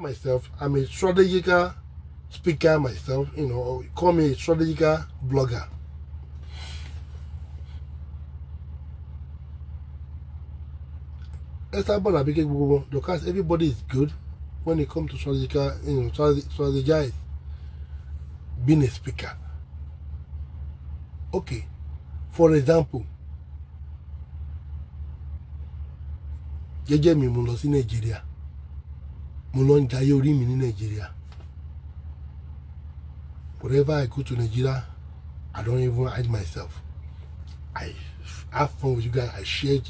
myself, I'm a strategical speaker myself, you know, call me a strategical blogger. Esabon Abike Gbogbo, because everybody is good when it comes to strategical, you know, strategize being a speaker. Okay, for example, jẹ́jẹ́ mi mo lọ sí mo lọ ń jayé orí mi ní Nàìjíríà whenever I go to Nigeria I don't even hide myself I have fun with you guys I share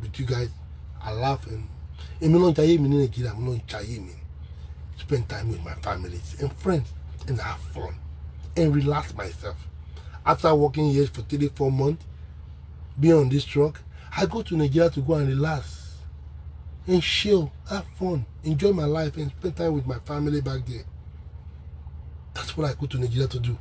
with you guys I laugh and èmi ló ń jayé mi ní Nàìjíríà mo ló ń jayé mi spend time with my family and friends and have fun and relax myself after working here for three four months being on this truck I go to Nigeria to go and relax and chill, have fun, enjoy my life, and spend time with my family back there. That's what I go to Nigeria to do.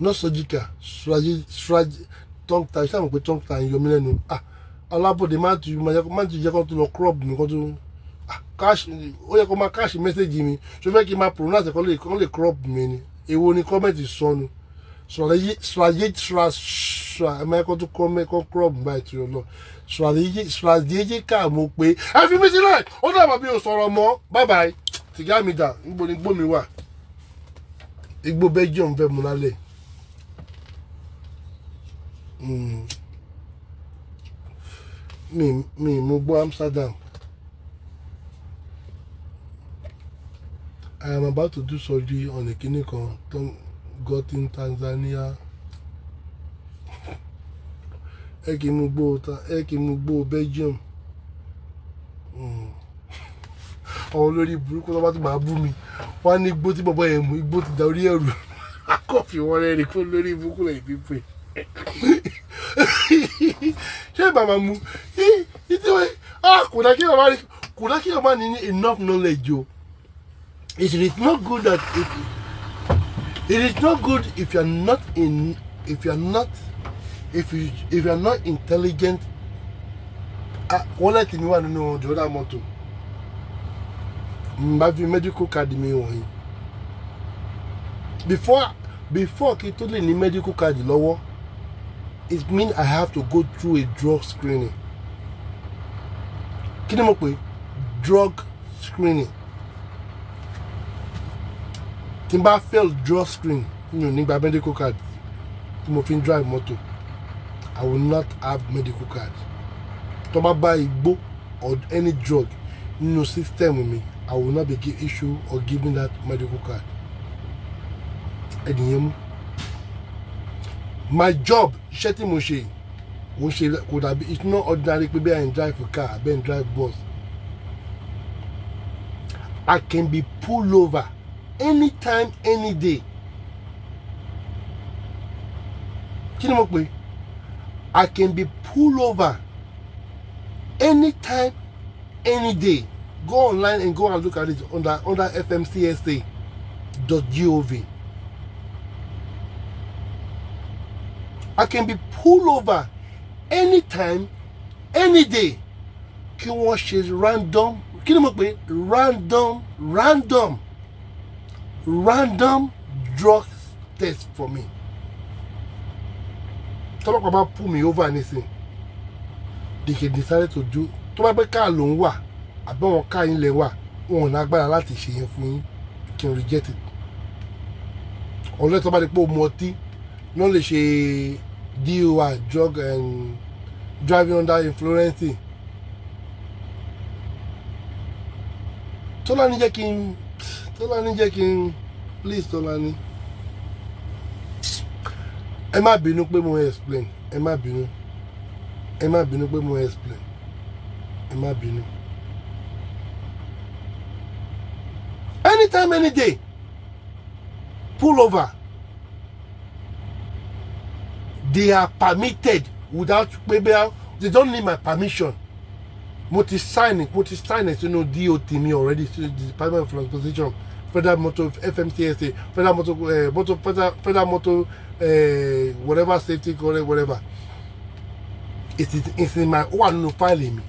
Not surgical, strategy, strategy, tongue tie, ṣáà mọ̀ pé tongue tie yọ mí lẹ́nu. Ah, Ọlábọ̀dé Man, ti máa ti jẹ́ kó tó lọ crop you go to cash Oh, you come, máa cash message mi ṣé fẹ́ kí n máa pronounce ẹ̀ kó lè crop mi ni. Èwo ni comment sọnù. So strategical mo pé ẹ fi mí sílẹ̀ ó dàbọ̀ bí o sọ̀rọ̀ mọ́ bàbá tìgá mi dà níbo ni igbó mi wà igbó belgium fẹ́ mu lálẹ́ hmm. mi mo gbọ́ amsterdam I am about to do surgery on a kidney kan got in Tanzania ẹ kì í mú gbó ẹ kì í mú gbó Belgium hmm. àwọn olórí burúkú tó bá ti máa bú mi wọ́n á ní igbó tí bàbá yẹn mú igbó ti da orí ẹ̀rù akọ́fì wọn rẹ́rìn kó lórí burúkú lẹ́yìn pípé ṣé bàbá mu ah, kódà kí bàbá ní enough knowledge o it is not good that it. It is not good if you are not in if you are not if you if you are not intelligent. Ah, you want to know. the other motor. Mba fi medical card mi wọ̀nyí. Before before kí n tó lè ní medical card lọ́wọ́ it mean I have to go through a drug screening. Kí ni mo pè drug screening tí n bá fail draw screen mi ò ní gba medical card tí mo fi ń drive moto, i will not have medical card tó bá bá igbó or any drug nínú system mi i will not be give issue or give me that medical card ẹnìyẹn mú my job iṣẹ́ tí mo ṣe mo ṣe kò dàbí it's not ordinary pé bẹ́ẹ̀ I drive for car bẹ́ẹ̀ I drive bus I can be pulled over anytime any day kí ni mo pè I can be pulled over anytime any day go online and go and look at it under under fmcsa. Dot gov. I can be pulled over anytime any day kí wọ́n ṣe random kí ni mo pè random random random drug test for me tọ́lọ́pàá bá pull me over anything. they can decide to do tó bá pẹ́ káà ló ń wà àbẹ́ wọn káà yín lẹ̀ wà wọn ò lágbára láti ṣe yẹn fún yín kí n reject it ọ̀lẹ́ tó bá di pé o mu ọtí náà lè ṣe DUI drug and um, driving under influencing. tọ́lá ni jẹ́ kí n tọ́lání jẹ́ kí n please tọ́lání ẹ má bínú pé mo explain ẹ má bínú ẹ má bínú pé mo explain ẹ má bínú anytime any day pull over they are permitted without pay bill they don't need my permission mo ti sign mo ti sign ẹ sínú DOT mi already sínú the Department of Transportation Federal Motor FMCSA Federal Motor uh, Motor Federal, Federal Motor uh, whatever safety code whatever it is it's in my ó wà nínú fáìlì mi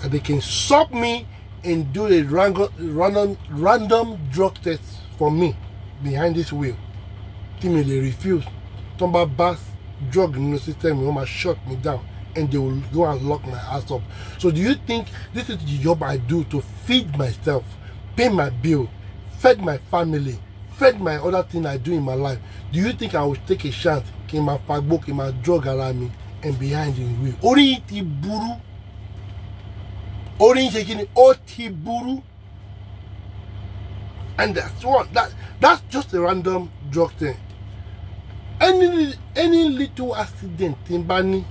that they can stop me and do a random random random drug test for me behind this wheel tí mi lè refuse tumba bá bá drug nínú system mi wọ́n máa shut me down and they will go and lock my ass up. So do you think this is the job I do to feed myself, pay my bill, fed my family, fed my other thing I do in my life? Do you think I will take a chance in my fagbo, in my drug around me and behind the wheel? Orí ti burú. Orí ṣe buru, And that's one. that that's just a random drug thing. Any any little accident in n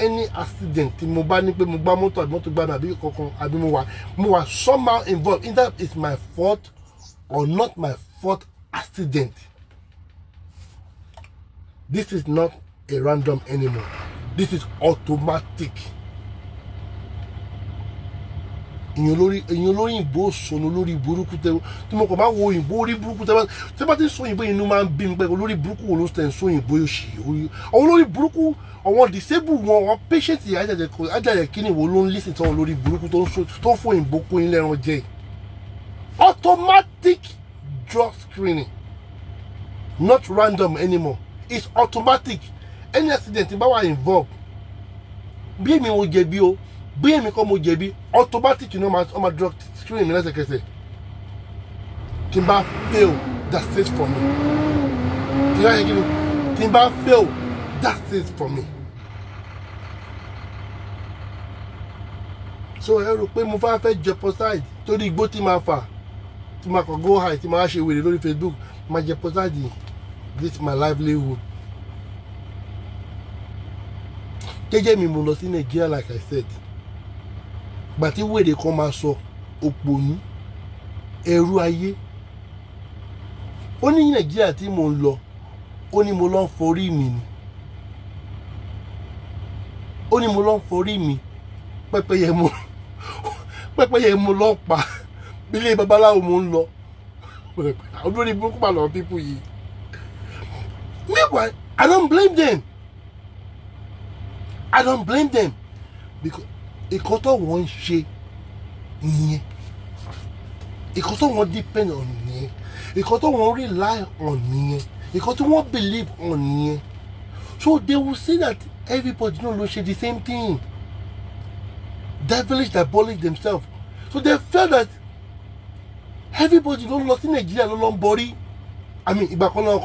any accident tí mo bá ní pé mo gbá mọ́tò àbí mọ́tò gbá mi àbí kankan àbí mo wà mo wà somehow involved either it's my fault or not my fault accident this is not a random anymore this is automatic èyàn olórí èyàn olórí ìbò sọnù olórí burúkú tẹ tí mo kàn bá wo òyìnbó orí burúkú tẹ tẹ bá ti sọ òyìnbó inú máa ń bí mi pé olórí burúkú wo ló tẹ̀ ń sọ òyìnbó òṣì àwọn olórí burúkú àwọn disable wọn àwọn patient ajáde kíni wo ló ń lísìn tán olórí burúkú tó ń fún òyìnbó kó yín lẹ́ran jẹ automatic drug screening not random anymore it's automatic any accident bá wà involved bí èmi ò jẹ̀bi o bí èmi kọ́ mo jẹ̀bi automatic ni wọ́n máa drop screen mi lẹ́sẹ̀kẹsẹ̀ tí n bá fail that's it for me tí n bá yẹ kí ni n bá fail that's it for me. so ẹ rò pé mo fẹ́ fẹ́ jeopardize torí igbó tí máa fà tí máa kàn go high tí máa ṣe wèrè lórí facebook máa jeopardize this my livelihood. jẹ́jẹ́ mi mo lọ sí nàìjíríà like i said gbàtí wèrè kan máa sọ òpònú ẹrú ayé ó ní nàìjíríà tí mò ń lọ ó ní mo lọ ń forí mi ni ó ní mo lọ ń forí mi pẹ́pẹ́yẹ mo pẹ́pẹ́yẹ mo lọ pa ilé babaláwo mo ń lọ olórí burúkú mà lọ pípù yìí meanwhile i don't blame them i don't blame them because ìkan tó wọ́n ń ṣe nìyẹn ìkan tó wọ́n depend on nìyẹn ìkan tó wọ́n rely on nìyẹn ìkan tó wọ́n believe on nìyẹn so they will see that everybody you know ló ṣe the same thing devilish diabolic themselves so they feel that everybody ló lọ sí nàìjíríà ló lọ ń borí àmì ìgbà kan náà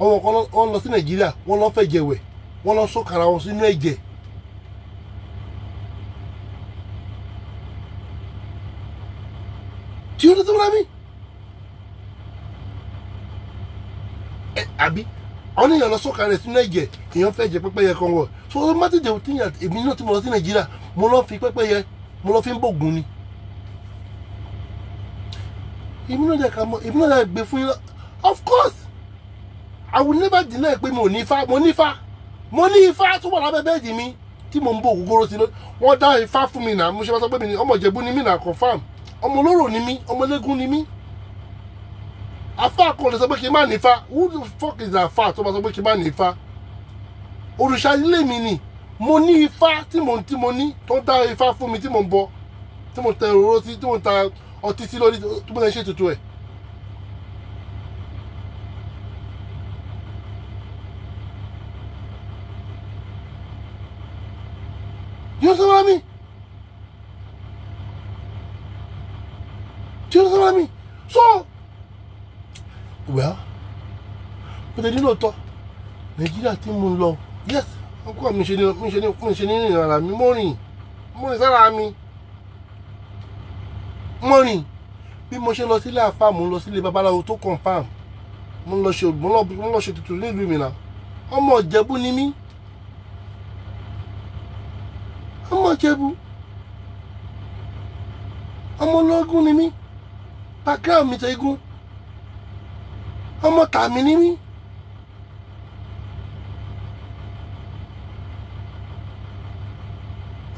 ọmọ kan lọ sí nàìjíríà wọ́n lọ fẹ̀jẹ̀ wẹ̀ wọ́n lọ sọ kara wọn sínú ẹ̀jẹ̀. àwọn èèyàn lọ sọ́ka rẹ̀ sínú ẹ̀jẹ̀ èèyàn fẹ́ jẹ pẹ́pẹ́yẹ kan wọ̀ so mátìjẹ tí èmi náà ti mọ̀ lọ sí nàìjíríà mo lọ fi pẹ́pẹ́yẹ mo lọ fi ń bògùn ni èmi náà dẹ̀ ká mọ èmi náà dẹ̀ gbé fún yín of course I will never deny pé mo ní ifá mo ní ifá mo ní ifá tó wà lábẹ́ bẹ́ẹ̀dì mi tí mo ń bò ògógóró sí lórí wọ́n dá ifá fún mi náà mo ṣe máa sọ pé ọmọ Ìjẹ̀bú ni mí náà confam ọmọ olóró ni mí ọmọ ológun ni mí afa kò lè sọ pé kí n má nífa who the fuck is that fa tó bá sọ pé kí n má nífa òrìṣà ilé mi ni mo ní ifá tí mo tí mo ní tó ń dá ifá fún mi tí mo ń bọ tí mo tẹ òróró sí tí mo ń ta ọtí sí lórí tí mo ń ṣe tuntun ẹ. yóò sọ wá mi yóò sọ wá mi so well bó ṣe ní lóòótọ́ nàìjíríà tí mo lọ yes n kọ́ mi ṣe ni mi ṣe ni mi ṣe ní ìrìn ara mi mo rìn mo rìn sára mi mo rìn bí mo ṣe lọ sílé àfáà mo lọ sílé babaláwo tó confam mo lọ ṣe mo lọ mo lọ ṣe tuntun nílùú mi náà ọmọ ìjẹ̀bú ni mí ọmọ ìjẹ̀bú ọmọ ológun ni mí background mi tẹ igun ọmọ tàmí ni mí.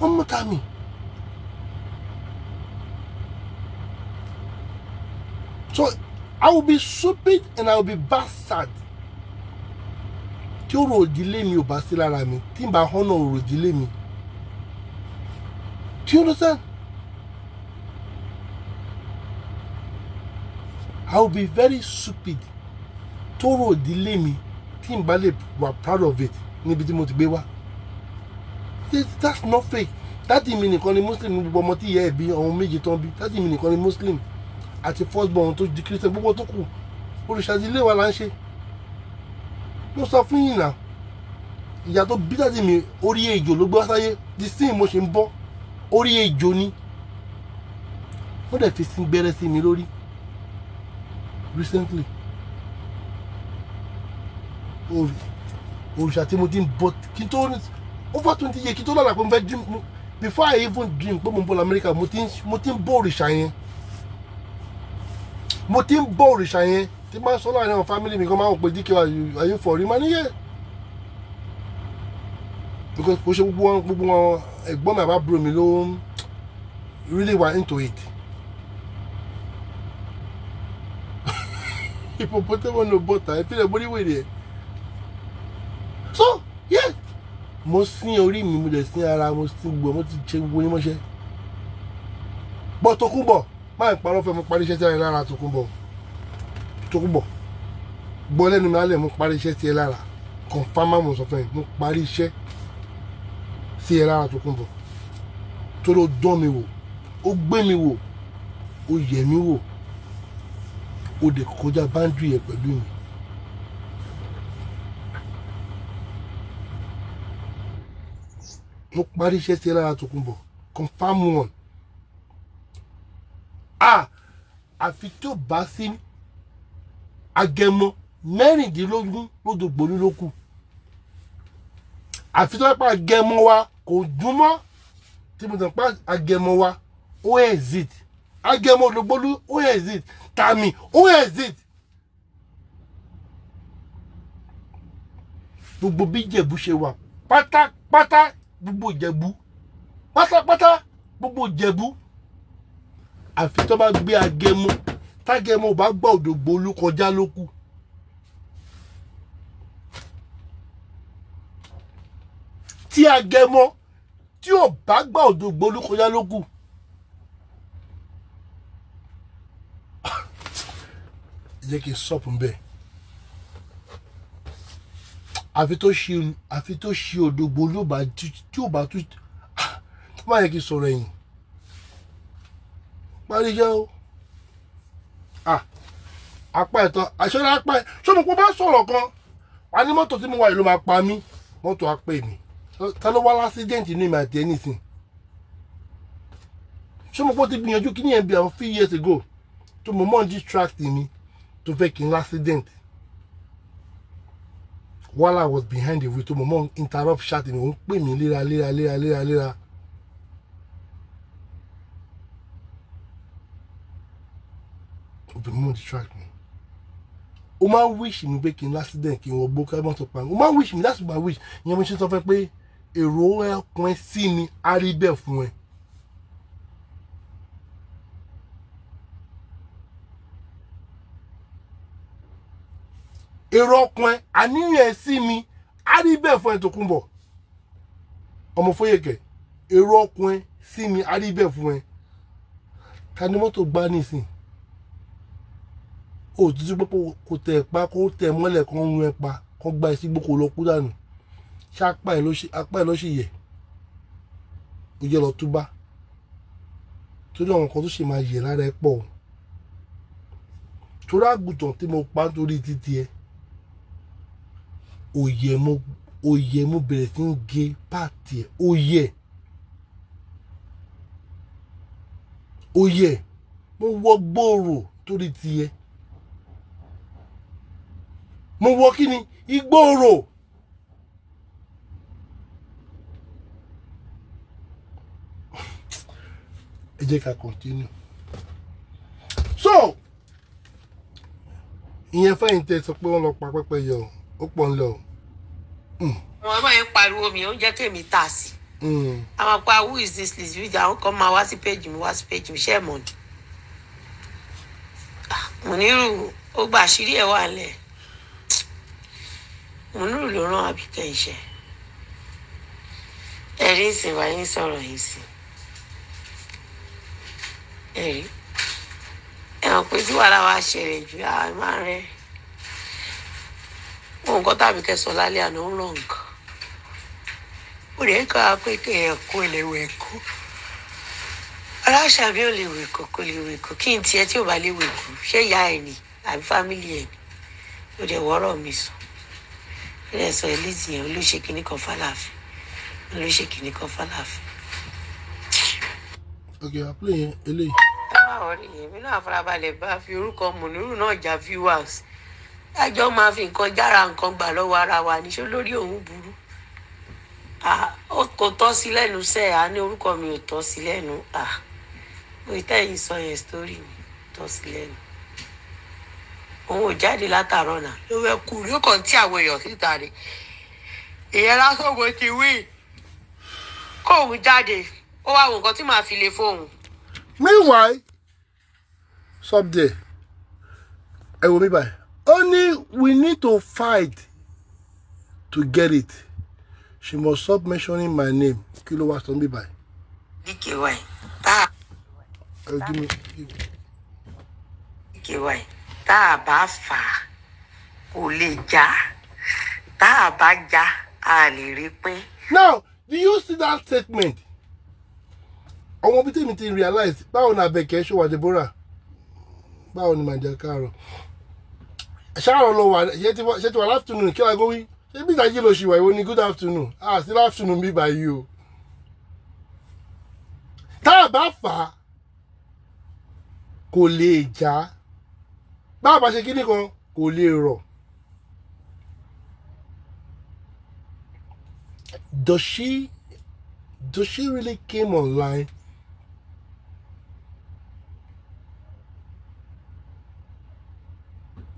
ọmọ tàmí. so i will be stupid and i will be bastard tí ọ̀rọ̀ òdìlé mi ò bá sí lára mi tí n bá hánà ọ̀rọ̀ òdìlé mi do you understand i will be very stupid tóró ìdílé mi tí n bá lè wà proud of it níbi tí mo ti gbé wá that's not fake dádì mi nìkan ni muslim gbogbo ọmọ tí ìyá ẹ̀ bí ọ̀hún méje tán bí dádì mi nìkan ni muslim àti first born tó di christian gbogbo tó kù olùṣàdì ilé wa là ń ṣe mo sọ fún yìnyín náà ìyá tó bí dádì mi orí ejò ló gbé wá sáyé di sin mo ṣe ń bọ́ orí ejò ni wọ́n dẹ̀ fi sin gbẹ́rẹ́ sí mi lórí recently òrìṣà tí mo ti ń bọ kí n tó over twenty years kí n tó lọ́la pé mo fẹ́ dream before I even dream pé mo ń bọ̀ lamẹ́ríkà mo ti ń bọ òrìṣà yẹn mo ti ń bọ òrìṣà yẹn tí máa sọ láàrin àwọn family mi kan máa ń pè díkẹ́ ayé fọ̀rí máa níyẹn because kò ṣe gbogbo wọn gbogbo wọn ẹ̀gbọ́n mi àbábúrò mi ló really were into it ìpòpótẹ́wọ̀n ló bọ̀tà ìfilẹ̀ borí wèrè ẹ̀ so yeah mo sín orí mi mo dẹ̀ sín ara mo sín gbogbo mo ti ṣe gbogbo yín mọ́ṣẹ́ bọ́ Tókunbọ̀ máa ń parọ́ fẹ́ mo parí iṣẹ́ tí ẹ lára Tókunbọ̀ Tókunbọ̀ gbọ́ lẹ́nu mi alẹ́ mo parí iṣẹ́ tí ẹ lára kọ̀ǹfàmà mo sọ fún ẹ mo parí iṣẹ́ tí ẹ lára Tókunbọ̀ torí ó dán mi wò ó gbé mi wò ó yẹ mi wò ó dẹ̀ kọjá báńdù yẹn pẹ̀lú mi. mo parí iṣẹ́ sí lára Tòkunbọ̀ confam one ah àfi tó bá sí agẹmọ mẹ́rìndínlógún lódò gbòòrò ló kù àfi tó pa agẹmọ wa kò dún mọ́ tí mo tàn pa agẹmọ wa ó exit agẹmọ ológbólú ó exit tàmí ó exit gbogbo bí Ìjẹ̀bú ṣe wà pátápátá gbogbo ìjẹ̀bú pátápátá gbogbo ìjẹ̀bú àfi tó bá gbé agẹmọ tágẹmọ ò bá gbọ́ òdògbò olúkọjá ló kù. tí agẹmọ tí ò bá gbọ́ òdògbò olúkọjá ló kù. jẹ́ kí n sọ̀pù bẹ́ẹ̀ àfi tó ṣe òdògbò yóò bá tí ò bá tún má ah, yẹ kí n sọ̀rọ̀ ẹ̀yìn parí jẹ́ o ah, apá ẹ̀tọ́ àṣẹlẹ̀ apá ẹ̀ ṣé mo kó bá sọ̀rọ̀ kan wà ní mọ́tò tí mo wà yìí ló máa pa mí mọ́tò apá mi ta ló wá lásídẹ̀ǹtì inú mi àti ẹni sìn ṣé mo kó ti gbìyànjú kí ni ẹ̀ bí àwọn few years ago tó mo mọ̀ ń distract mi tó fẹ́ kí n lásídẹ̀ǹtì while I was behind the wheel tó mo mọ́ interrupt ṣáàtì mi òun pè mí léra léra léra léra léra. obìnrin mọ̀ distract me. o máa wish mi pé kí n lásìdẹ̀n kí n wọ gbó kẹ́mọ́ tó pa mi o máa wish mi that's my wish ìyẹn mo ṣe sọ fẹ́ pé èrò ẹkùn ẹ sí ni á rí bẹ́ẹ̀ fún ẹ. èrò ọkàn ẹ àníyàn ẹ sí mi á rí bẹ́ẹ̀ fún ẹ Tòkunbọ̀ ọmọ Fóyèkẹ́ èrò ọkàn ẹ sí mi á rí bẹ́ẹ̀ fún ẹ ta ni mọ́tò gbá nísìn ó tún pé kò tẹ̀ pa kó tẹ̀ mọ́lẹ̀ kan run ẹ pa kó gba ẹ sí gbókò lọ kú dànù ṣé apá ẹ ló ṣì yẹ ó yẹ lọ túbá torí àwọn nǹkan tó ṣe máa yẹ lára ẹ pọ̀ o torí àgùntàn tí mo pa nítorí títí ẹ òyẹ mo òyẹ mo bẹ̀rẹ̀ sí ń ge páàtì ẹ̀ òyẹ òyẹ mo wọ gbòòrò torí tiẹ̀ mo wọ kí ni igbòòrò. ẹ jẹ́ ká continue. so ìyẹn fẹ́yìntì sọ pé wọ́n lọ pa pẹ́pẹ́ yẹ o ó pọ̀ ń lọ. Hmm. àwọn ọmọ yẹn pariwo mi oúnjẹ tèmi tà sí. àwọn hmm. apá who is this list read àwọn kan máa wá sí péjì mi wá sí péjì mi ṣe é mọ̀ ni. Ah, Mùnírù ó gba àṣírí ẹ̀ wà lẹ̀ Mùnírù ló rán Àbíkẹ́ iṣẹ́ ẹ̀rí ìsìn wáyé ń sọ̀rọ̀ yìí sí ẹ̀rí ẹ̀wọ̀n pé tí wàhálà wa ṣẹlẹ̀ jù àwọn máa ń nǹkan tàbí kẹsàn lálẹ́ àná ń ràn nǹkan ó lè kọ́ pé kéèyàn kó lè kó aláṣà bí ó lè wẹ̀ kó kó lè wẹ̀ kó kí n tiẹ̀ tí ò bá lè wẹ̀ kó ṣé ìyá ẹ̀ ni àbí fámìlì ẹ̀ ni ó dẹ̀ wọ́rọ̀ mi sùn ó dẹ̀ sọ Lizzy yẹn olóṣè kìíní kan fàlàfin olóṣè kìíní kan fàlàfin. ọ̀gẹ̀ àpilẹ̀ yẹn eléyìí. ẹ má wọlé yẹn mi náà farabalẹ̀ bá fi orúkọ mùnúrù náà já viewers ẹjọ́ máa fi nǹkan jára nǹkan gbà lọ́wọ́ ara wa níṣó lórí òun burú kò tọ́ sí lẹ́nu sẹ́ẹ̀ á ní orúkọ mi ò tọ́ sí lẹ́nu mo tẹ́yìn sọ yẹn sítórì mi tọ́ sí lẹ́nu òun ò jáde látàárọ̀ náà ló fẹ́ kú ló kàn tí àwọn èèyàn síta rè ìyẹn lásán mo ti wí kóun jáde ó wá wo nǹkan tí màá fi lè fóun. meanwhile someday ẹ wo mi báyìí. Only we need to fight to get it. She must stop mentioning my name. Kí ló wá sọ mí báyìí. DKY. Ta. Uh, give me. DKY. ta ba bá fà kò lè já. Tá a Now, do you see that statement? I want tèmi ti realize báwo ni Abẹ́kẹ́ ṣe wà Deborah? Báwo ni màá ṣáàrùn ló wà ṣé ti wà láftúnù kí lágó wí ṣé bí ìdájí ló ṣì wà ìwọ ni good afternoon ah still afternoon bí by you. tá a bá fà á kò lè já bá a kan kò lè rọ̀. Does she does she really came online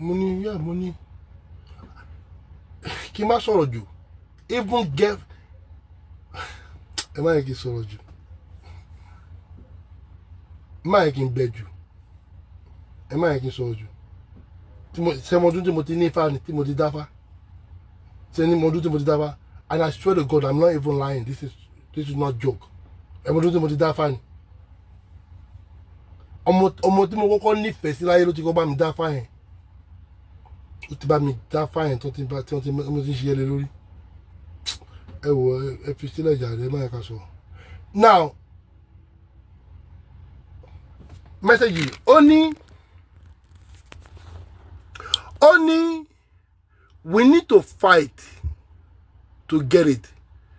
mo ní yá mo ní kí n má sọ̀rọ̀ jù even get ẹ má yẹ kí n sọ̀rọ̀ jù má yẹ kí n bẹ jù ẹ má yẹ kí n sọ̀rọ̀ jù sẹ́mọdún tí mo ti ní ifá ni tí mo ti dáfá sẹ́mọdún tí mo ti dáfá and I swear to God I'm not even lying this is this is not joke ẹmọdún tí mo ti dáfá ni ọmọ tí mo kọ́kọ́ nífẹ̀ẹ́ sí láyé ló ti kọ́ bá mi dáfá yẹn tó ti bá mi dá fáyẹn tó ti bá tí wọ́n ti mọ́ ti ṣe ẹlẹ́ lórí ẹ wò ẹ fi sílẹ̀ ìjà rẹ má yẹ ká sọ. now mẹ́sẹ̀gì ó ní ó ní we need to fight to get it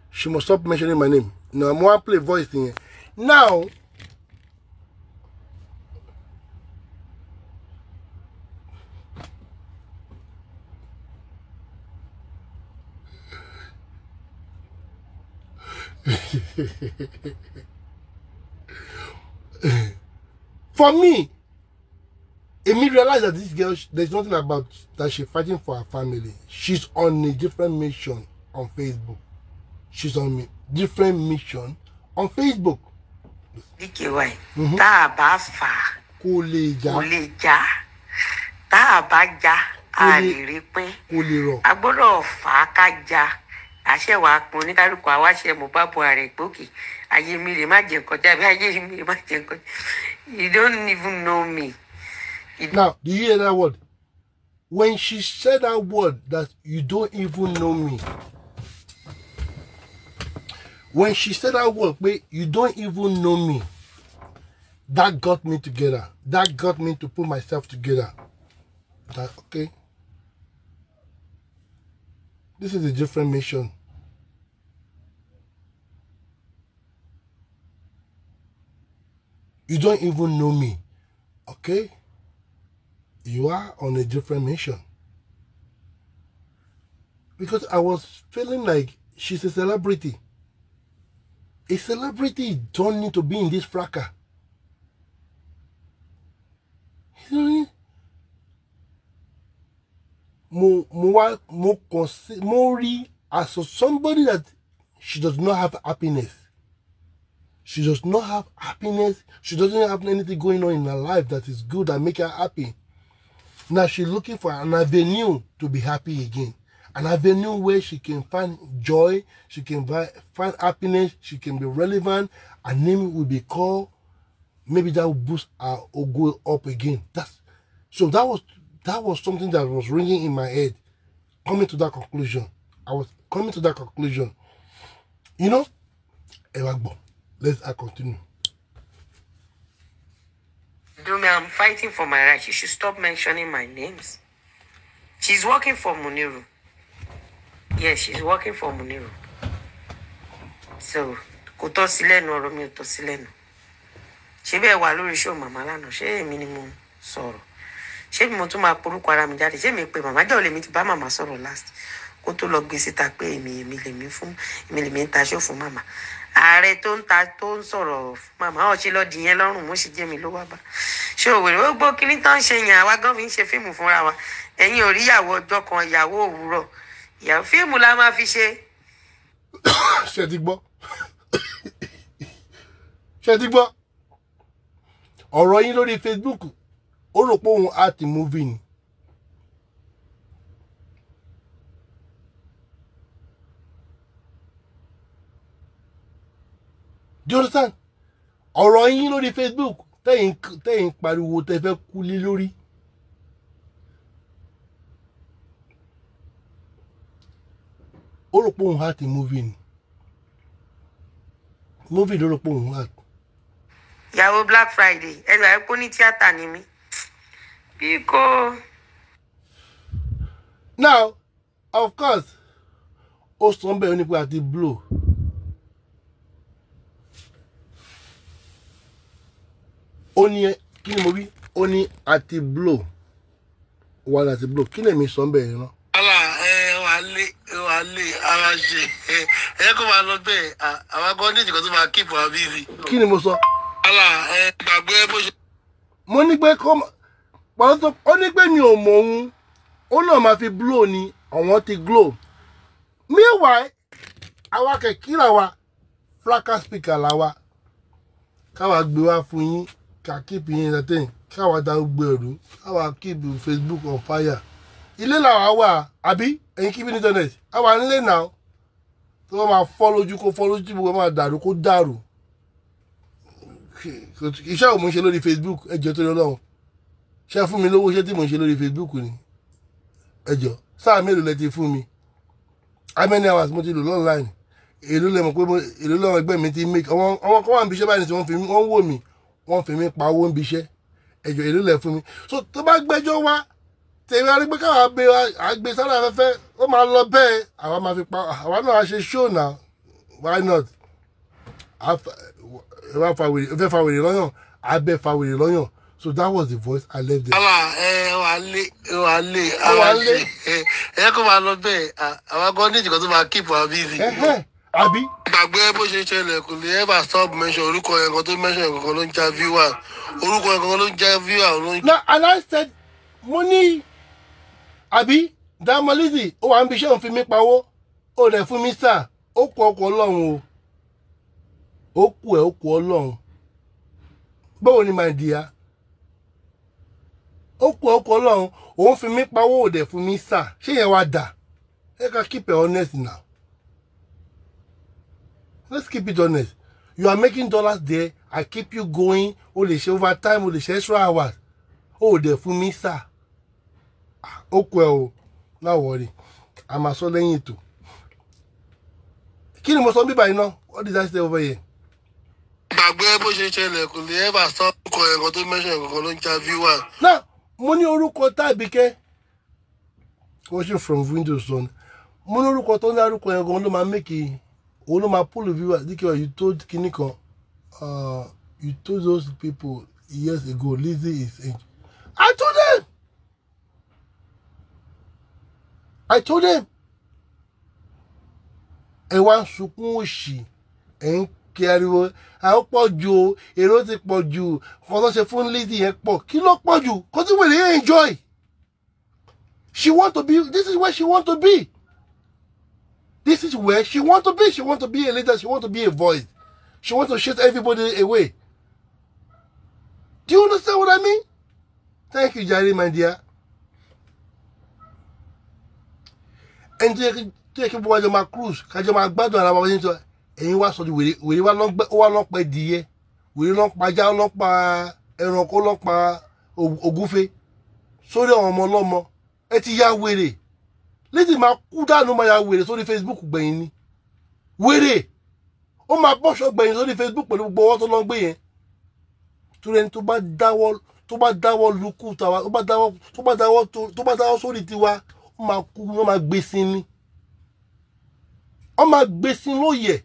she must stop mentioning my name na I'm wan play voice yẹn now. for me, Emi realized that this girl, there's nothing about that she's fighting for her family. She's on a different mission on Facebook. She's on a different mission on Facebook. Díkìwẹ̀, tá a bá fà á, kò lè já. Kò lè já àṣẹwà pọn oníkálukú àwáṣẹ Mohbad Buhari gbòkè ayé mi lè má jẹ nǹkan tàbí ayé mi lè má jẹ nǹkan you don't even know me. now do you hear that word when she said that word that you don't even know me when she said that word pé you don't even know me that got me together that got me to put myself together that okay. This is a different mission. You don't even know me. Okay? You are on a different mission. Because I was feeling like she's a celebrity. A celebrity don't need to be in this fracas. You know mo mo wá mo kàn sí mo rí as somebody that she does not have happiness she does not have happiness she doesn't have anything going on in her life that is good and make her happy now she's looking for an avenue to be happy again an avenue where she can find joy she can find happiness she can be relevant her name will be called maybe that will boost her ogo up again that's so that was that was something that was ringing in my head coming to that conclusion i was coming to that conclusion you know ewagbo let's i continue Do me. I'm fighting for my rights. You should stop mentioning my names. She's working for Muniru. Yes, she's working for Muniru. So, kuto tọ́ romi kuto ọ̀rọ̀ mi ò tọ́ sí lẹ́nu. Ṣé bẹ́ẹ̀ wà show màmá lánàá? Ṣé èmi ni ṣé mi mo tún máa porúkọ ara mi jáde ṣé mi pé màmá jẹ́ òun lèmi ti bá màmá sọ̀rọ̀ last kó tó lọ gbé síta pé èmi èmi lèmi fún èmi lèmi ń taṣọ fún màmá ààrẹ tó ń ta tó ń sọ̀rọ̀ fún màmá ọ̀ṣẹ́ lọ́dì yẹn lọ́rùn mo sì jẹ́ mi ló wá bá ṣé òwèrè ó gbó kí ní tán ṣe yàn àwa gan fi ń ṣe fíìmù fúnra wa ẹ̀yin ò rí ìyàwó ọjọ́ kan ìyàwó òwúrọ̀ ìyàwó fíìmù la máa fi ṣe. ṣé ti gbọ́ ṣé ti gbọ́ ọ̀rọ̀ yín lórí Facebook ó rò pé òun àti múvì ni. do you ọ̀rọ̀ yín lórí Facebook tẹ́yìn tẹ́yìn pariwo tẹ́ fẹ́ kú lé lórí. ó rò pé òun àti múvì ni múvì ló rò pé òun àti. ìyàwó Black Friday ẹnu àìkú ní tíátà ni mí. Biko. Now, of course, ó sọ ń bẹ̀rẹ̀ nípa àti blow. Ó ní kí ni mo wí? Ó ní àti blow. Wà láti blow. Kí lèmi sọ ń bẹ̀rẹ̀ náà? Wàhálà ẹ wà lé wà lé ara ṣe ẹ ẹ kó máa lọ bẹ́ẹ̀ àwọn akọ́ ní ìjìnkan tó máa kíìpù àbí rí. Kí mo sọ? Wàhálà ẹ gbàgbé bó ṣe. Mo ní pé kó pàtó tó ó ní pé mi ò mọ òun ó náà máa fi blow ni àwọn ti glow meanwhile àwa kẹ̀kíra wa flacker speaker la wa káwa gbé wá fún yín ká keep yín entertain káwa da gbogbo ẹ̀rú káwa keep Facebook on fire ilé làwa wà àbí ẹ̀yin keep internet àwa nílé náà tó wọ́n máa fọ́ lójú kó fọ́ lójú tí gbogbo máa dàrú kó dàrú iṣẹ́ òun lórí Facebook ẹ̀jẹ̀ tó lọ́wọ́ ṣé fún mi lówó iṣẹ́ tí mo ń ṣe lórí Facebook ni ẹ jọ sáà mélòó lẹ ti fún mi how many hours mo ti lò online èló lẹ mọ̀ pé èló lọ́wọ́ ẹgbẹ́ mi ti make ọmọ kọ́ wà níbi iṣẹ́ báyìí tí wọ́n fi wọ́n wò mí wọ́n fi mí pa owó níbi iṣẹ́ ẹ jọ èló lẹ fún mi so tó bá gbẹ́jọ́ wá tèmi arígbé káwọn àgbè àgbè sára afẹ́fẹ́ ó máa lọ bẹ́ẹ̀ àwa máa fi pa àwa náà ṣe show now why not ẹ fẹ́ fa wèrè lọ́yàn abẹ́ fa wèrè lọ́yàn So that was the voice I left there. Àwa ẹ wà lé wà lé àwa lé ẹ kó máa lọ bẹ́ẹ̀ àwa gan ní ìjìká tó máa keep our busy. Àbí. Gbàgbé bó ṣe ṣẹlẹ̀ kò lè ever stop mention orúkọ yẹn kan tó mention yẹn kankan ló ń ja viewer orúkọ yẹn kankan ló ń ja viewer Na and I said mo ní àbí Damalizi ó wà ń bí iṣẹ́ òun fi mí pawó ó rẹ̀ fún mi sáà ó kú ọkọ̀ ọlọ́run o ó kú ẹ̀ ó kú ọlọ́run báwo ó kú ọkọ ọlọ́run òun fi mí pawó òdẹ fún mi sà ṣé yẹn wá dà ẹ ká keep it honest now let's keep it honest you are making dollars there i keep you going o lè ṣe overtime o lè ṣe extra hours o ò dẹ̀ fún mi sà ah, ó kú ẹ o náà wọrí a máa sọ lẹ́yìn ètò kí ni mo sọ bí báyìí náà what did i say over here. gbàgbé bó ṣe ṣẹlẹ̀ kò lè ẹ́ bá sọ́kọ̀ ẹ̀kọ́ tó mẹ́ṣẹ̀ ẹ̀kọ́ ló ń ja v one. náà mo ní orúkọ tábìkẹ́ ó ṣe from windows on mo ní orúkọ tó ní arúkọ yẹn gan ló máa mẹ́kì òun ló máa pull viewers díkẹ́ you told kinní kan uh, you told those people years ago Lizzie is in I told them I told them ẹ wá ń sunkún òṣì ẹ ń kí ariwo a ó pọ̀ ju o èrò ti pọ̀ ju ọkọ tó ṣe fún Lizzy yẹn pọ̀ kí ló pọ̀ jù kó tí wèrè yẹn enjoy she want to be this is where she want to be this is where she want to be she want to be a leader she want to be a voice she want to shut everybody away do you understand what I mean thank you jare my dear And tó yẹ kí tó yẹ kí gbogbo àjọ máa cruise kájọ máa gbádùn ara wa wọ́n ní sọ ẹ̀yin wá sọ di wèrè wèrè wá lọ́pẹ́ ó wá lọ́pẹ́ dìyẹ wèrè lọ́pàá ajá lọ́pàá ẹranko lọ́pàá ògúfe sórí àwọn ọmọ ọlọ́mọ ẹ ti ya wèrè lédi máa kú dànù máa ya wèrè sórí Facebook gbẹ̀yìn ni wèrè ó máa bọ́ṣọ gbẹ̀yìn sórí Facebook pẹ̀lú gbogbo ọwọ́ tó lọ gbé yẹn torí ẹni tó bá dáwọ́ tó bá dáwọ́ lukú tàwa tó bá dáwọ́ tó bá dáwọ́ tó bá dáwọ́ sórí tiwa ó máa kú ó máa gbé sí ni ó máa gbé sí lóye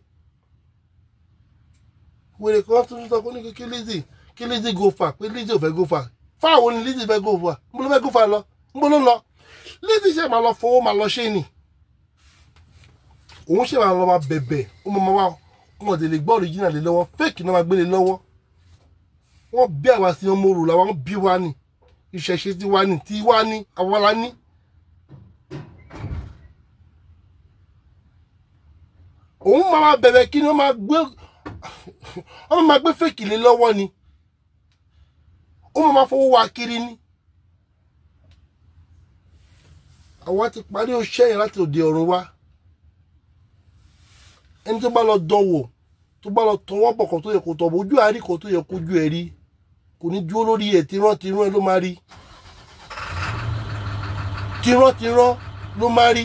wèrè kan tún sọ pé kí Lizzy kí Lizzy go far pé Lizzy ò fẹ́ go far fáwọn ni Lizzy fẹ́ go far ń bọ́ ló fẹ́ go far lọ ń bọ́ ló lọ Lizzy ṣe máa lọ fowó máa lọ ṣe ni òun ṣe máa lọ máa bẹ̀bẹ̀ ó máa wá wọn lè gbọ́ original lé lọ́wọ́ fake náà máa gbélé lọ́wọ́ wọ́n bí àwa sí ọmọ òrù làwọn bí wa ni ìṣẹ̀ṣe ti wa ni ti wa ni àwa la ní. òun máa bẹ̀bẹ̀ kí ni wọ́n máa gbé wọ́n máa gbé fèkì lé lọ́wọ́ ni ó máa fowó wa kiri ni àwa ti parí oṣẹ́ yẹn láti òde ọ̀run wa ẹni tó bá lọ dánwò tó bá lọ tọwọ́ bọ̀ kó tó yẹ kó tọ̀ bójú àárí kó tó yẹ kójú ẹ̀ rí kò ní dúró lórí ẹ̀ tìrán tìrán ẹ ló máa rí tìrán tìrán ló máa rí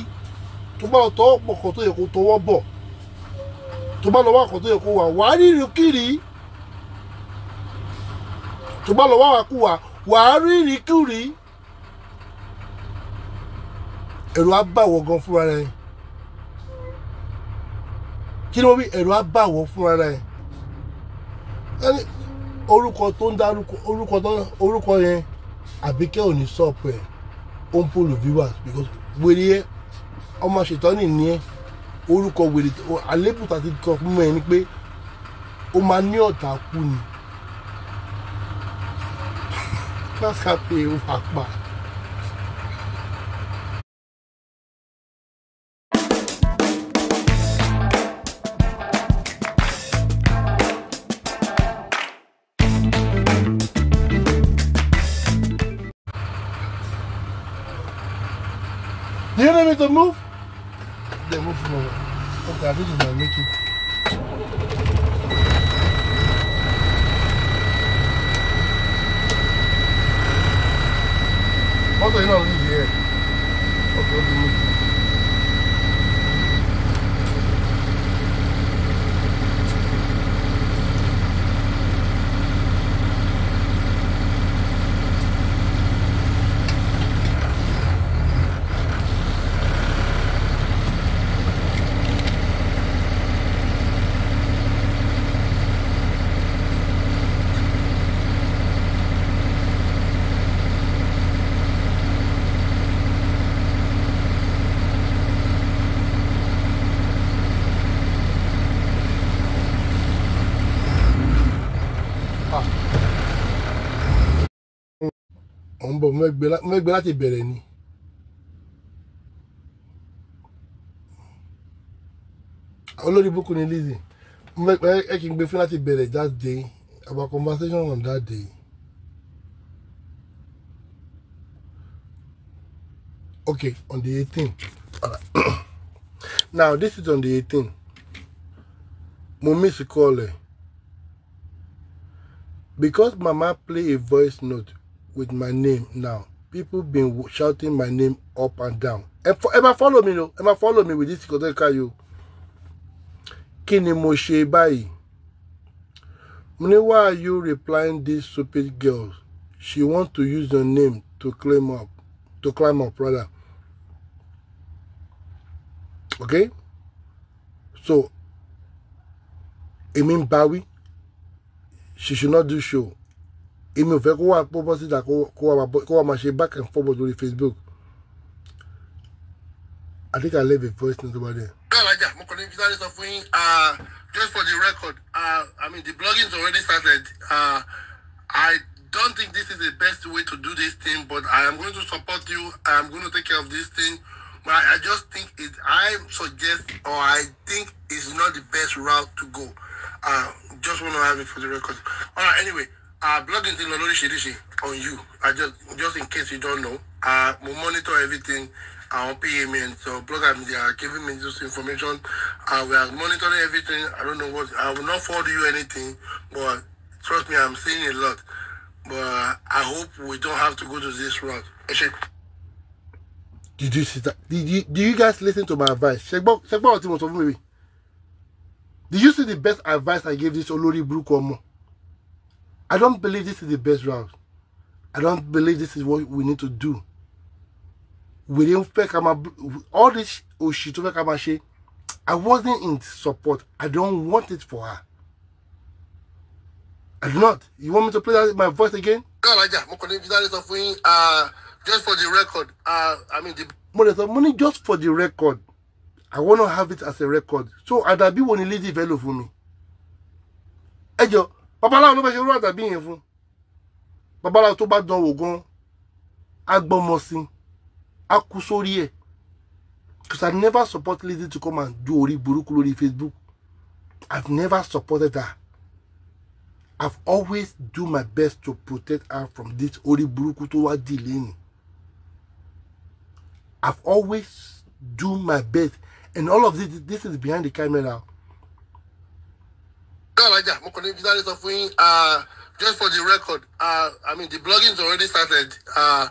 tó bá lọ tọwọ́ bọ̀ tó yẹ kó tọwọ́ bọ̀ tó bá lọ wá àkọ́ tó yẹ kó wà wà á rí ìrìkìrì tó bá lọ wá wà kú wà wà á rí ìrìkìrì ẹ̀rù á bà wọ́ gan fúnra rẹ̀ kí ni wọ́n wí ẹ̀rù á bà wọ́ fúnra rẹ̀ ẹni orúkọ tó ń dárúkọ orúkọ tó orúkọ yẹn àbíkẹ́ ò ní sọ̀pù ẹ̀ ó ń pòlù viewers because wèrè ẹ ọmọ ṣètọ́nì ni ẹ orúkọ wèrè àlébù tàbí sọ fún ẹ ni pé ó máa ní ọ̀tá kú ni kásápè wà pa. Do you know me to move? the roof lower. Okay, I think you might make it. Mọ́tò yìí leave here. Okay, ó ti mú. bọ̀ mo fẹ́ gbé láti bẹ̀rẹ̀ ni. olórí búkú ni Lizzy mo ẹ kí n gbé fún láti bẹ̀rẹ̀ that day our conversation on that day. okay on the 18 right. now this is on the 18 mo miss call her because mama play a voice note with my name now. People been shouting my name up and down. Ẹ I follow me no? ẹ I follow me with this because yo. Kí ni mo ṣe why are you replying this stupid girl? She want to use your name to climb up, to climb up rather. Okay? So, èmi bawi. She should not do show èmi ò fẹ́ kó wà pọ́pọ́ síta kó wà máa ṣe back and forward lórí Facebook I think I leave a voice note over there. alájà mo kàn ní bí sáré sọ fún yín uh, just for the record uh, I mean the blogging is already started uh, I don't think this is the best way to do this thing but I am going to support you I am going to take care of this thing but I, I just think it I suggest or I think it's not the best route to go uh, just want to have it for the record Alright, anyway uh, blogging thing lóríṣiríṣi on you I just, just in case you don't know uh, mo monitor everything our PMN so bloggers they are giving me this information uh, we are monitoring everything I don't know what I will not forward you anything but trust me I'm seeing a lot but uh, I hope we don't have to go to this route did you see that did you do you guys listen to my advice check out did you see the best advice I gave this Olori Brook Omo I don't believe this is the best route. I don't believe this is what we need to do. We didn't fake, ká all this òṣì tó fẹ́ I wasn't in support. I don't want it for her. I do not. You want me to play my voice again? Uh, just for the record. Uh, I mean the. money, lè sọ just for the record. I want to have it as a record. So àdàbí wo ni lady fẹ́ lò fún mi? Ẹ jọ̀ọ́ babaláwo ló fẹ́ ṣe irú àtàbí yẹn fún babaláwo tó bá dán wò gan agbọmọsìn á kú sórí ẹ̀ because i never support lady to come and do orí burúkú lórí facebook i've never supported her i've always do my best to protect her from this orí burúkú tó wá dì lẹ́yìn i've always do my best and all of this this is behind the camera. Kalaja, Mokone Vidal is offering, uh, just for the record, uh, I mean, the blogging's already started. Uh,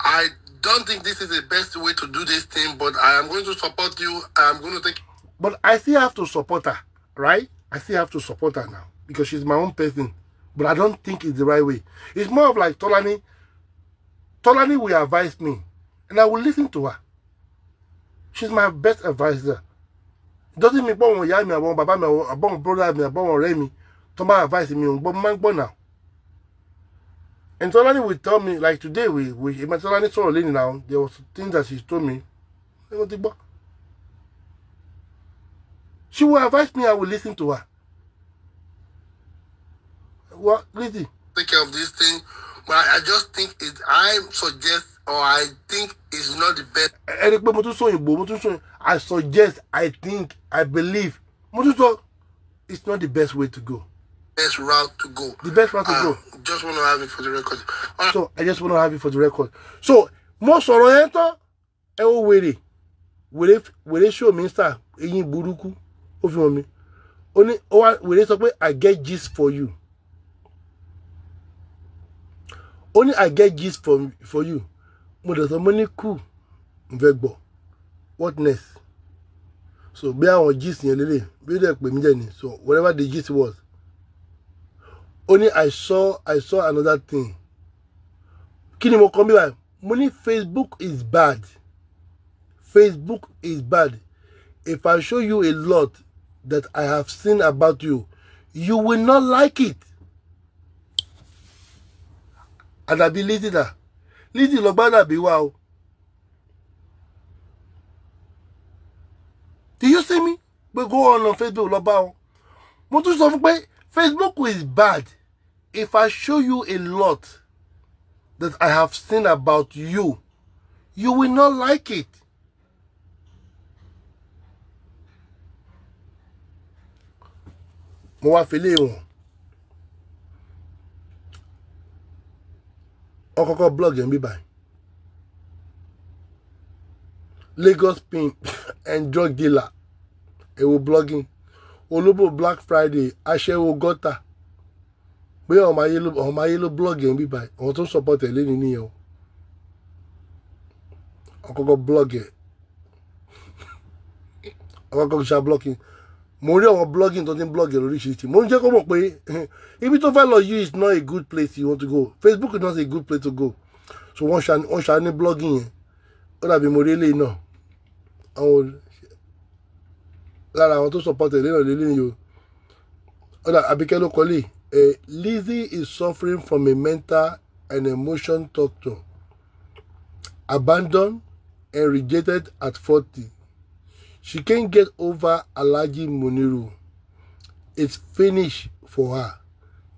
I don't think this is the best way to do this thing, but I am going to support you. I'm going to take. But I still have to support her, right? I still have to support her now because she's my own person. But I don't think it's the right way. It's more of like Tolani. Tolani will advise me, and I will listen to her. She's my best advisor doesn't mean pé àwọn ìyá mi àwọn bàbá mi àbọ̀n brother mi àbọ̀n ọ̀rẹ́ mi tó bá advice mi ò ń gbọ́ máa ń gbọ́ náà and Tolani will tell me like today we we emma Tolani sọ̀rọ̀ lẹ́yìn now there was things that she told me ẹ mo ti gbọ́ she will advise me I will listen to her well listen. take care of this thing but I just think it I suggest or I think it's not the best. Eric, rí i pé mo tún sọ òyìnbó mo tún sọ I suggest I think I believe mo tún sọ it's not the best way to go. best route to go. the best route to ah, go. just wanna have it for the record. so I just wanna have it for the record. so mo sọ̀rọ̀ yẹn tán ẹ ó wèrè wèrè wèrè show minister star buruku? burúkú ó fi hàn mi ó ní wèrè sọ pé I get gist for you. Only i get gifts from for you but dẹ̀ a money, cool n fẹ́ what next so bí our gist yẹn lélẹ̀ bí ó dẹ̀ pè mí so whatever the gist was Only i saw i saw another thing kí ni mo kọ́ bí báyìí facebook is bad facebook is bad if i show you a lot that i have seen about you you will not like it àdàbí lídìdà lídì lọ bá dàbí wa o. do you see me pé go on on Facebook lọ bá o mo tún sọ fún pé Facebook is bad if I show you a lot that I have seen about you you will not like it. mo wá fi lé wọn. ọkọ̀ọ̀kọ̀ blog ẹ̀ ń bíbà Lagos pimp and drug dealer ewu blogging olóbò Black Friday aṣẹ́wó gọ́tà pé ọmọ ayé ló ọmọ ayé ló blog ẹ̀ ń bíbà àwọn tó ń support ẹ̀ lẹ́nu nìyẹn o ọkọ̀ọ̀kọ̀ blog ẹ̀ ọkọ̀ọ̀kọ̀ ṣá blocking mo rí àwọn blogging tó ti ń blog lóríṣiríṣi mo ń jẹ́ kó mọ̀ pé ibi tó fẹ́ lọ you is not a good place you want to go Facebook is not a good place to go so wọ́n ṣá wọ́n ṣá ní blogging yẹn ó dàbí mo rí eléyìí náà àwọn lára àwọn tó support ẹ̀ lẹ́nà lélẹ́yìn yìí o ó dà Abíkẹ́ ló kọ́lé eh, Lizzy is suffering from a mental and emotion torture abandoned and rejected at forty She can't get over Alaji Muniru. It's finished for her.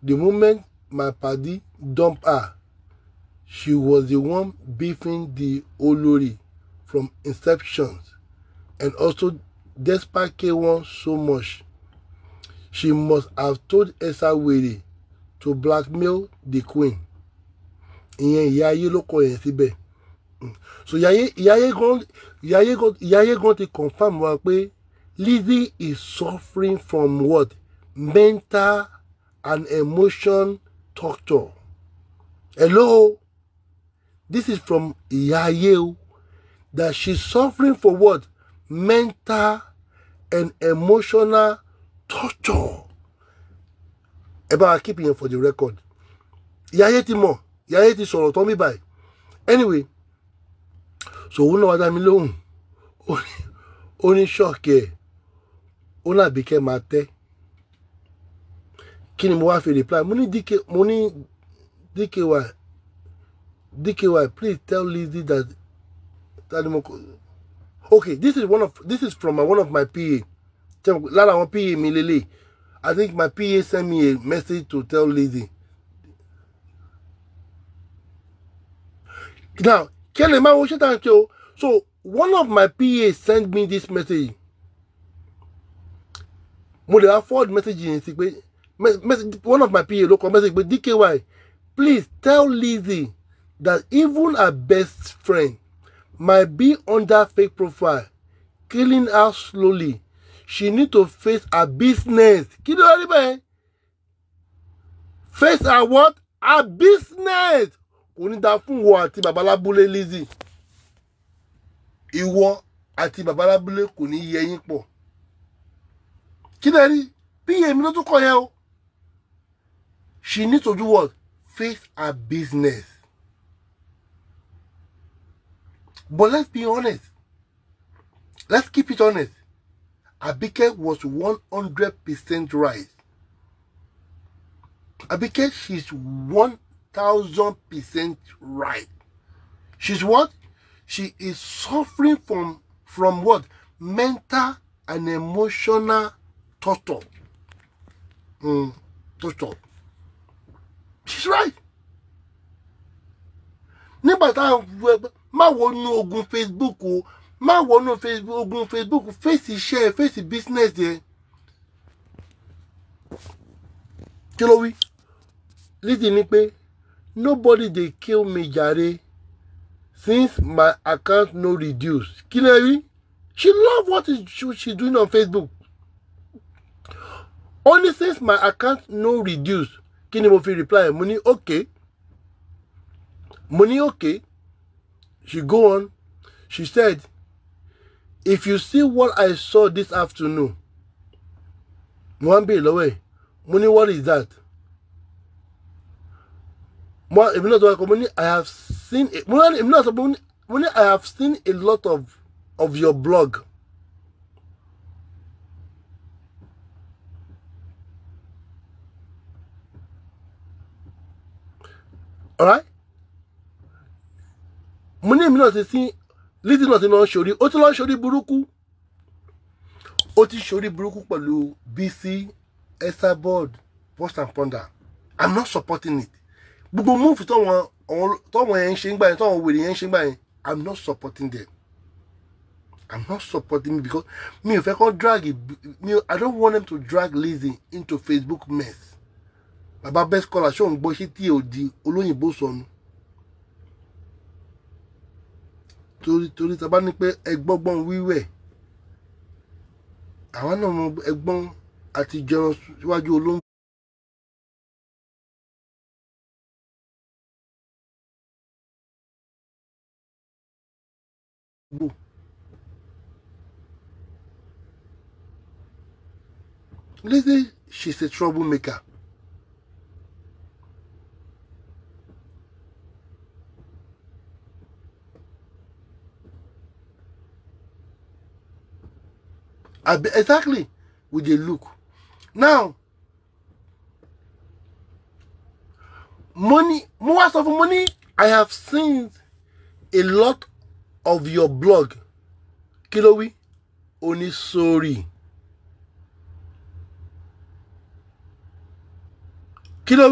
The moment my paddy dumped her, she was the one beefing the Olori from inception and also despite K1 so much. She must have told Esa Were to blackmail the queen. Ìyẹn ìyá ayé ló kọ so Yaye going to confirm wa pé Lizzy is suffering from what mental and emotion torture hello this is from Yaye that she's suffering for what mental and emotional torture ẹ bá wa keep yẹn for the record Yaye ti mọ̀ Yaye ti sọ̀rọ̀ tán mi báyìí anyway ṣòwò náà wá dá mi lóhùn ó ní ṣọ́ọ̀kì ẹ̀ ó làbí kẹ́ máa tẹ́ kí ni mo wá fi reply mo ní dk mo ní dky dky please tell Lizzy that that mo okay this is one of this is from my, one of my PA lára àwọn PA mi lélẹ̀ I think my PA send me a message to tell Lizzy now kí my lè máa wo so one of my PA sent me this message mo lè afford messaging? one of my PA local kọ message pé DKY please tell Lizzie that even her best friend might be under fake profile killing her slowly she need to face her business kí ló rí bẹ́ẹ̀ face her what her business kò ní da fún ìwọ àti babalábúlé Lizzy ìwọ àti babalábúlé kò ní yẹ yín pọ̀ kí lẹ rí bí èmi ló kọ yẹn o she need to do what face her business but let's be honest let's keep it honest Abike was one hundred percent right Abike she's one thousand percent right. She's what? She is suffering from from what? Mental and emotional torture. Mm, torture. She's right. Nígbà táwọn máa wọnú ogun Facebook o, máa wọnú ogun Facebook fèsì iṣẹ́ face business yẹn. Kí ló wí? Lídìí ni pé nobody dey kill me jare since my account no reduce kineri she love what she, she doing on facebook only since my account no reduce kí ni mo fi reply mo ní okay mo ní okay she go on she said if you see what i saw this afternoon mo wá be béèrè lọ́wọ́ ẹ̀ mo ní what is that mo èmi náà tó wá mo ní i have seen èmi náà sọ pé mo ní i have seen a lot of of your blog. alright mo ní èmi náà ti sin lítí náà ti lọ sórí ó ti lọ sórí burúkú ó ti sórí burúkú pẹ̀lú bc esabod post and ponder i'm not supporting it gbogbo múfù tọ́wọ̀n yẹn ń ṣe ń gbà yẹn tọ́wọ̀n wèrè yẹn ń ṣe ń gbà yẹn i'm not supporting them i'm not supporting me because mi ò fẹ́ kọ́ drag mi i don't want them to drag Lizzy into Facebook mess baba best caller ṣé òun gbọ́ ṣé tí ò di olóyìnbó sọnù torí torí tá a bá ní pé ẹgbọ́gbọ́n wíwẹ̀ àwọn náà mọ ẹgbọ́n àti jẹun síwájú olóńgbò. gbò. Lizzie, she's a troublemaker. Exactly with a look. Now, money, more of money, I have seen a lot of your blog kilowi, ló wí ó ní sorry kí ló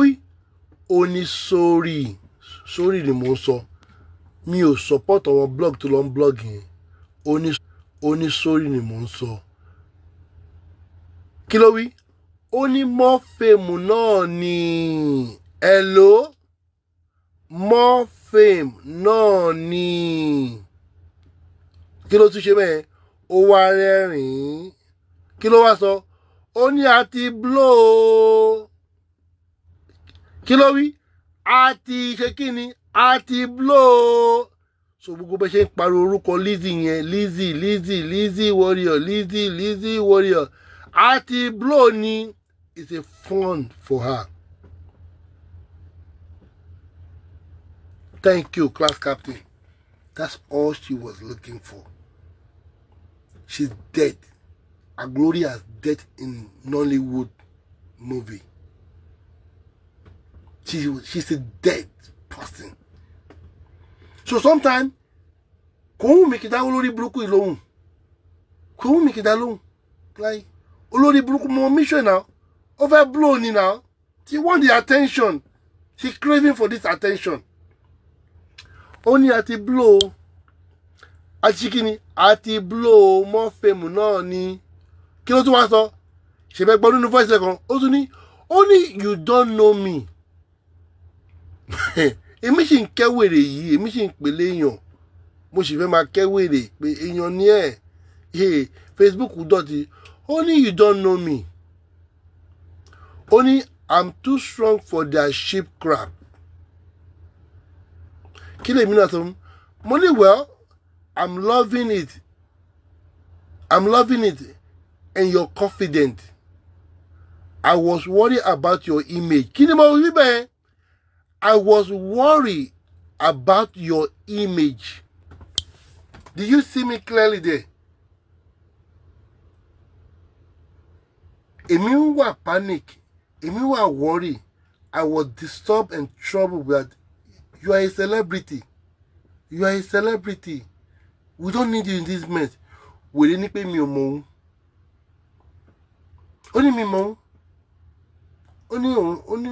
sorry sorry ni mo sọ mi o support àwọn blog to lọ ń blog yẹn ó sorry ni mo ń sọ kí ló wí ó ní mọ́fẹ́mù náà ni hello mọ́fẹ́mù náà ni kí ló tún ṣe bẹ́ẹ̀ ó wá rẹ́rìn-ín kí ló wá sọ ó ní a bló kí ló wí a ṣe kí ni a bló so gbogbo bẹ́ẹ̀ ṣe ń pariwo orúkọ Lizzy yẹn Lizzy Lizzy Lizzy warrior Lizzy Lizzy warrior a ti bló ni it's a fun for her. Thank you, class captain. That's all she was looking for she's dead. A glorious death in Nollywood movie. She, she's a dead person. So sometimes, kò ń wù mí kí n dá olórí burúkú yìí lóhùn. Kò ń Like, olórí burúkú mo mission now. Overblown now. She want the attention. She craving for this attention. Only at the blow àti kíni àti blow mọ́fẹ́mù náà ni kí ló tún wá sọ ṣèbẹ́ gbọ́ nínú voice lẹ́kan ó tún ní ó ní you don't know me èmi sì ń kẹ́wèrè yìí èmi sì ń pèlè èèyàn mo sì fẹ́ máa kẹ́wèrè pé èèyàn ni ẹ̀ hey, Facebook dọ̀tí ó ní you don't know me ó ní I'm too strong for their sheep crap kí lèmi náà sọ mo ní well I'm loving it. I'm loving it. And you're confident. I was worried about your image. Kí mo wí I was worried about your image. Do you see me clearly there? Èmi ń were panic, èmi were worry, I was disturbed and troubled that you are a celebrity. You are a celebrity we don't need you in this mess wèrè ní pé mi ò mọ òun ó ní mi mọ òun ó ní òun ó ní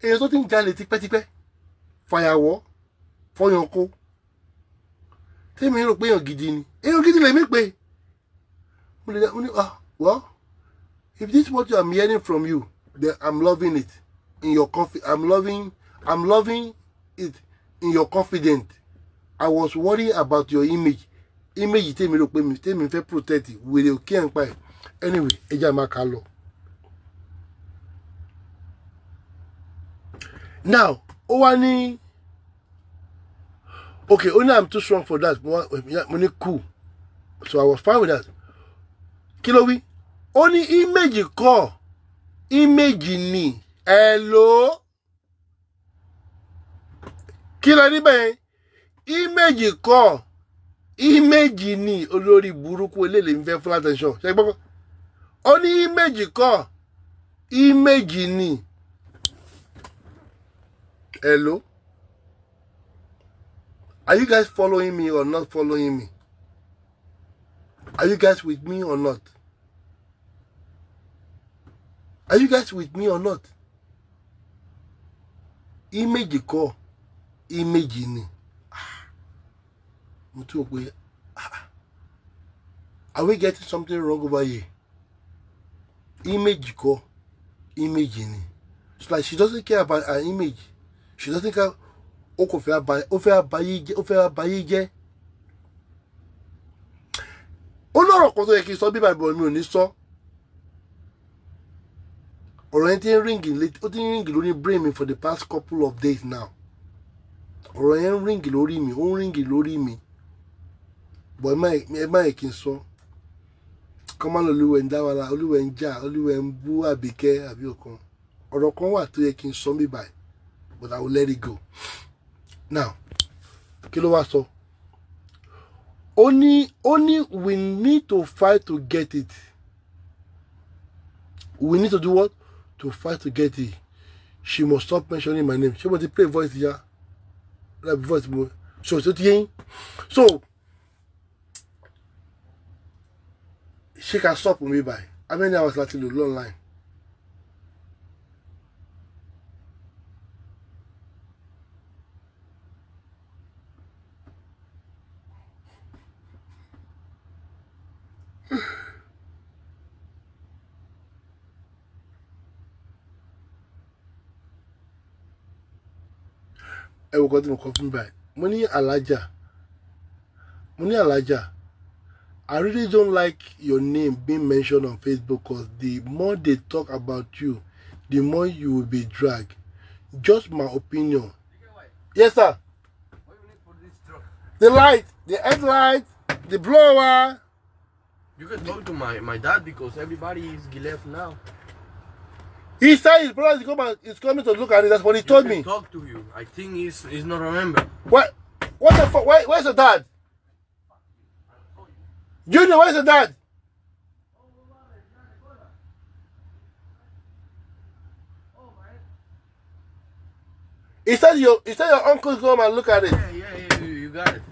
èèyàn tó ti ń jalè tipẹ́tipẹ́ fàyàwọ́ fọyànkó tèmi rò pé èèyàn gidi ni èèyàn gidi lèmi pé mo lè dá mo ní ah well if this is what I'm hearing from you then I'm loving it in your confi I'm loving I'm loving it in your confidence I was worried about your image image tèmi rò pé tèmi fẹ́ protect wèrè òkè ẹ̀ ń pa ẹ̀ anyway ẹ jẹ́ àmà ká lọ. now ó wá ní okay ó ní i'm too strong for that eh, mo ní cool so i was fine with that kí ló wí ó ní image kọ́ image ni hello kí ló ní bẹ́ẹ̀ íméjì kọ́ íméjì ni olórí burúkú eléyìí ń fẹ́ full attention ṣe gbọ́kọ́ ó ní íméjì kọ́ íméjì ni hello are you guys following me or not following me are you guys with me or not are you guys with me or not íméjì kọ́ íméjì ni mo tún pé ah, ah, are we getting something wrong over here image kọ́ image ni it's like she doesn't care about her image she doesn't care ó kò fẹ́ abayé ó fẹ́ abayé jẹ́ ó fẹ́ abayé jẹ́ ó lọ́rọ̀ kan tó yẹ kí n sọ bí bàbá mi ò ní sọ ọ̀rọ̀ yẹn ti ń ríngì ó ti ń ríngì lórí brain mi for the past couple of days now ọ̀rọ̀ yẹn ń ríngì lórí mi ó ń ríngì lórí mi bọ̀ ẹ má yẹ kí n sọ kọ́mánà olúwẹ̀ ń dáwàlà olúwẹ̀ ń jà olúwẹ̀ ń bú àbíkẹ́ kan wà tó yẹ kí n sọ mí but I will let it go now kilo ló wá only ó we need to fight to get it we need to do what to fight to get it she must stop mentioning my name She must play voice ya like voice mo so so. so she can stop me by. How many hours Latin you learn line? ẹ wò kọ́ tí mo kọ́ fún báyìí mo ní alájà mo ní alájà I really don't like your name being mentioned on Facebook because the more they talk about you, the more you will be dragged. Just my opinion. Yes, sir. What do you need for this The light, the headlight, the blower. You can talk to my, my dad because everybody is left now. He said his brother is coming, is coming to look at it. That's what he you told me. talk to you. I think he's, he's not remember. What? What the fuck? Where, where's your dad? Junior, where's your dad? He said your he said your uncle come and look at it. Yeah, yeah, yeah, you, got it.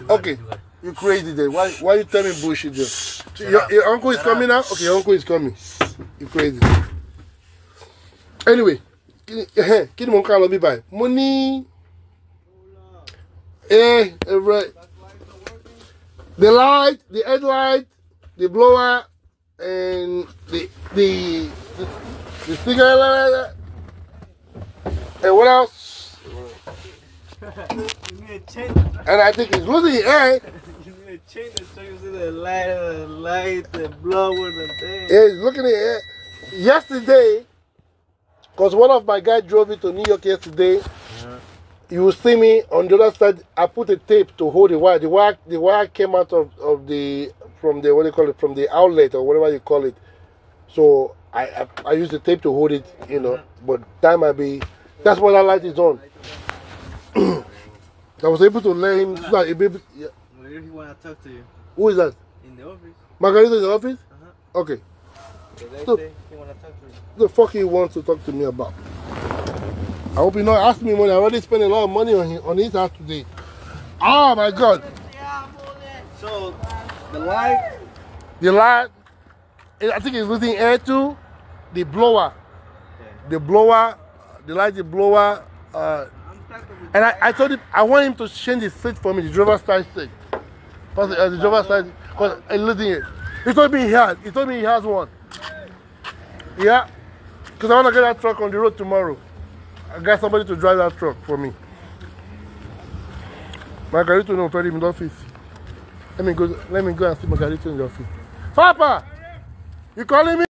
You got okay. It, you, got it. you crazy then. Why why you tell me bullshit there? Your, your uncle is Shut coming now? Okay, your uncle is coming. You crazy. Anyway, kí ni eh, mo ń by money. bí Eh, right. the light, the headlight, the blower, and the the the, the sticker. And what else? and I think he's losing it, eh? Change the so the light, the light, the blower, the thing. Yeah, he's looking at it. Yesterday, because one of my guys drove it to New York yesterday, you see me on the other side. I put a tape to hold the wire. The wire, the wire came out of, of the from the what do you call it from the outlet or whatever you call it. So I I, I use the tape to hold it, you know. But that might be that's why that light is on. I was able to let him. Hola. Like, be, yeah. If he want to talk to you. Who is that? In the office. Margarita in the office. Uh -huh. Okay. The, the, fuck he wants to talk to me about? I hope you not ask me money. I already spent a lot of money on, his, on his house today. Oh my God. So, the light. The light. I think it's losing air too. The blower. Okay. The blower. The light, the blower. Uh, and I, I told him, I want him to change the seat for me, the driver's side seat. Because uh, the driver's side, because I'm uh, losing it. He told me he has. He told me he has one. Yeah. Because I want to get that truck on the road tomorrow. I got somebody to drive that truck for me. Margarito no told him in the office. Let me go let me go and see Margarito in the office. Papa! You calling me?